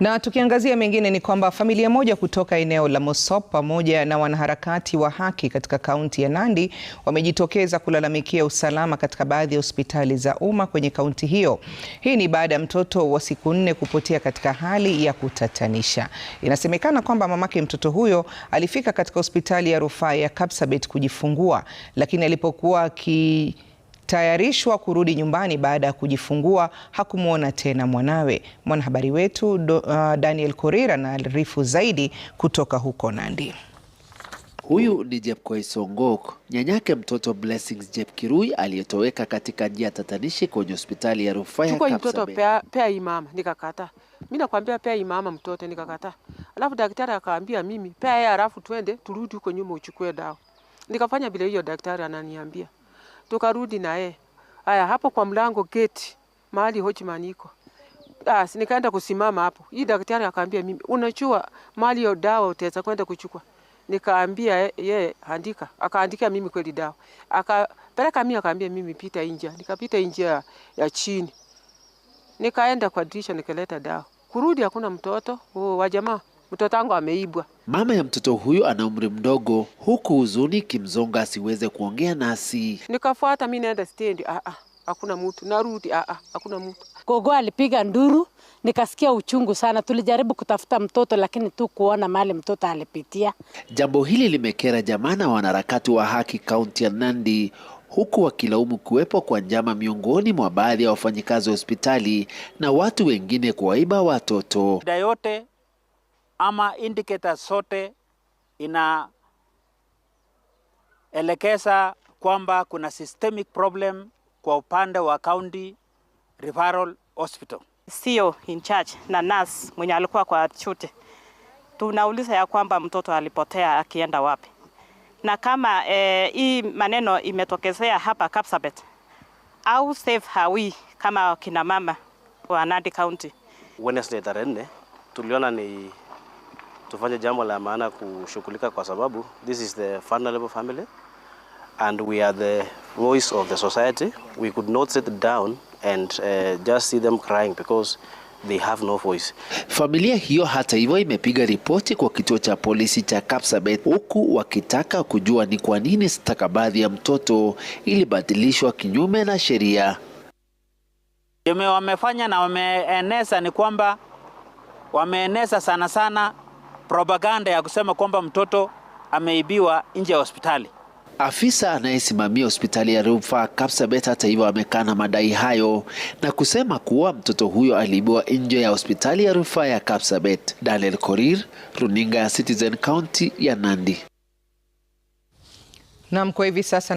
Na tukiangazia mengine ni kwamba familia moja kutoka eneo la Mosop pamoja na wanaharakati wa haki katika kaunti ya Nandi wamejitokeza kulalamikia usalama katika baadhi ya hospitali za umma kwenye kaunti hiyo. Hii ni baada ya mtoto wa siku nne kupotea katika hali ya kutatanisha. Inasemekana kwamba mamake mtoto huyo alifika katika hospitali ya rufaa ya Kapsabet kujifungua, lakini alipokuwa aki tayarishwa kurudi nyumbani baada ya kujifungua hakumwona tena mwanawe. Mwanahabari wetu do, uh, Daniel Korir arifu zaidi kutoka huko Nandi. Huyu ni Jepkoe Songok, nyanyake mtoto Blessings Jep Kirui aliyetoweka katika njia tatanishi kwenye hospitali ya rufaa ya Kapsabet. Mtoto pea, pea imama nikakata. Mimi nakwambia pea imama mtoto nikakata. Alafu daktari akaambia mimi pea yeye, alafu twende turudi huko nyuma uchukue dawa. Nikafanya bila hiyo daktari ananiambia tukarudi naye. Haya, hapo kwa mlango geti, mahali Hojiman iko Ah, nikaenda kusimama hapo. Hii daktari akaambia mimi, unachua mali ya dawa utaweza kwenda kuchukua. Nikaambia yeye andika. Akaandika mimi kweli dawa. Akapeleka mimi akaambia mimi pita nje. Nikapita nje ya, ya chini. Nikaenda kwa dirisha nikaleta dawa. Kurudi hakuna mtoto, oh, wa jamaa mtoto wangu ameibwa. Mama ya mtoto huyu ana umri mdogo, huku huzuni kimzonga asiweze kuongea nasi. Nikafuata mimi naenda stendi, ah ah, hakuna mtu. Narudi, ah ah, hakuna mtu. Gogo alipiga nduru, nikasikia uchungu sana. Tulijaribu kutafuta mtoto lakini tu kuona mali mtoto alipitia. Jambo hili limekera jamaa na wanaharakati wa haki kaunti ya Nandi huku wakilaumu kuwepo kwa njama miongoni mwa baadhi ya wafanyikazi wa hospitali na watu wengine kuwaiba watoto. Da yote ama indicators zote inaelekeza kwamba kuna systemic problem kwa upande wa county referral hospital. Sio e in charge na nurse mwenye alikuwa kwa chute, tunauliza ya kwamba mtoto alipotea akienda wapi, na kama eh, hii maneno imetokezea hapa Kapsabet au safe hawi kama kina mama wa Nandi County. Wednesday tarehe 4 tuliona ni tufanye jambo la maana kushughulika, kwa sababu this is the vulnerable family and we are the voice of the society. We could not sit down and uh, just see them crying because they have no voice. Familia hiyo hata hivyo imepiga ripoti kwa kituo cha polisi cha Kapsabet huku wakitaka kujua ni kwa nini stakabadhi ya mtoto ilibadilishwa kinyume na sheria. Wamefanya na wameeneza ni kwamba wameeneza sana sana propaganda ya kusema kwamba mtoto ameibiwa nje ya hospitali. Afisa anayesimamia hospitali ya rufaa Kapsabet hata hivyo amekana madai hayo na kusema kuwa mtoto huyo aliibiwa nje ya hospitali ya rufaa ya Kapsabet. Daniel Korir, runinga ya Citizen, kaunti ya Nandi. Naam, kwa hivi sasa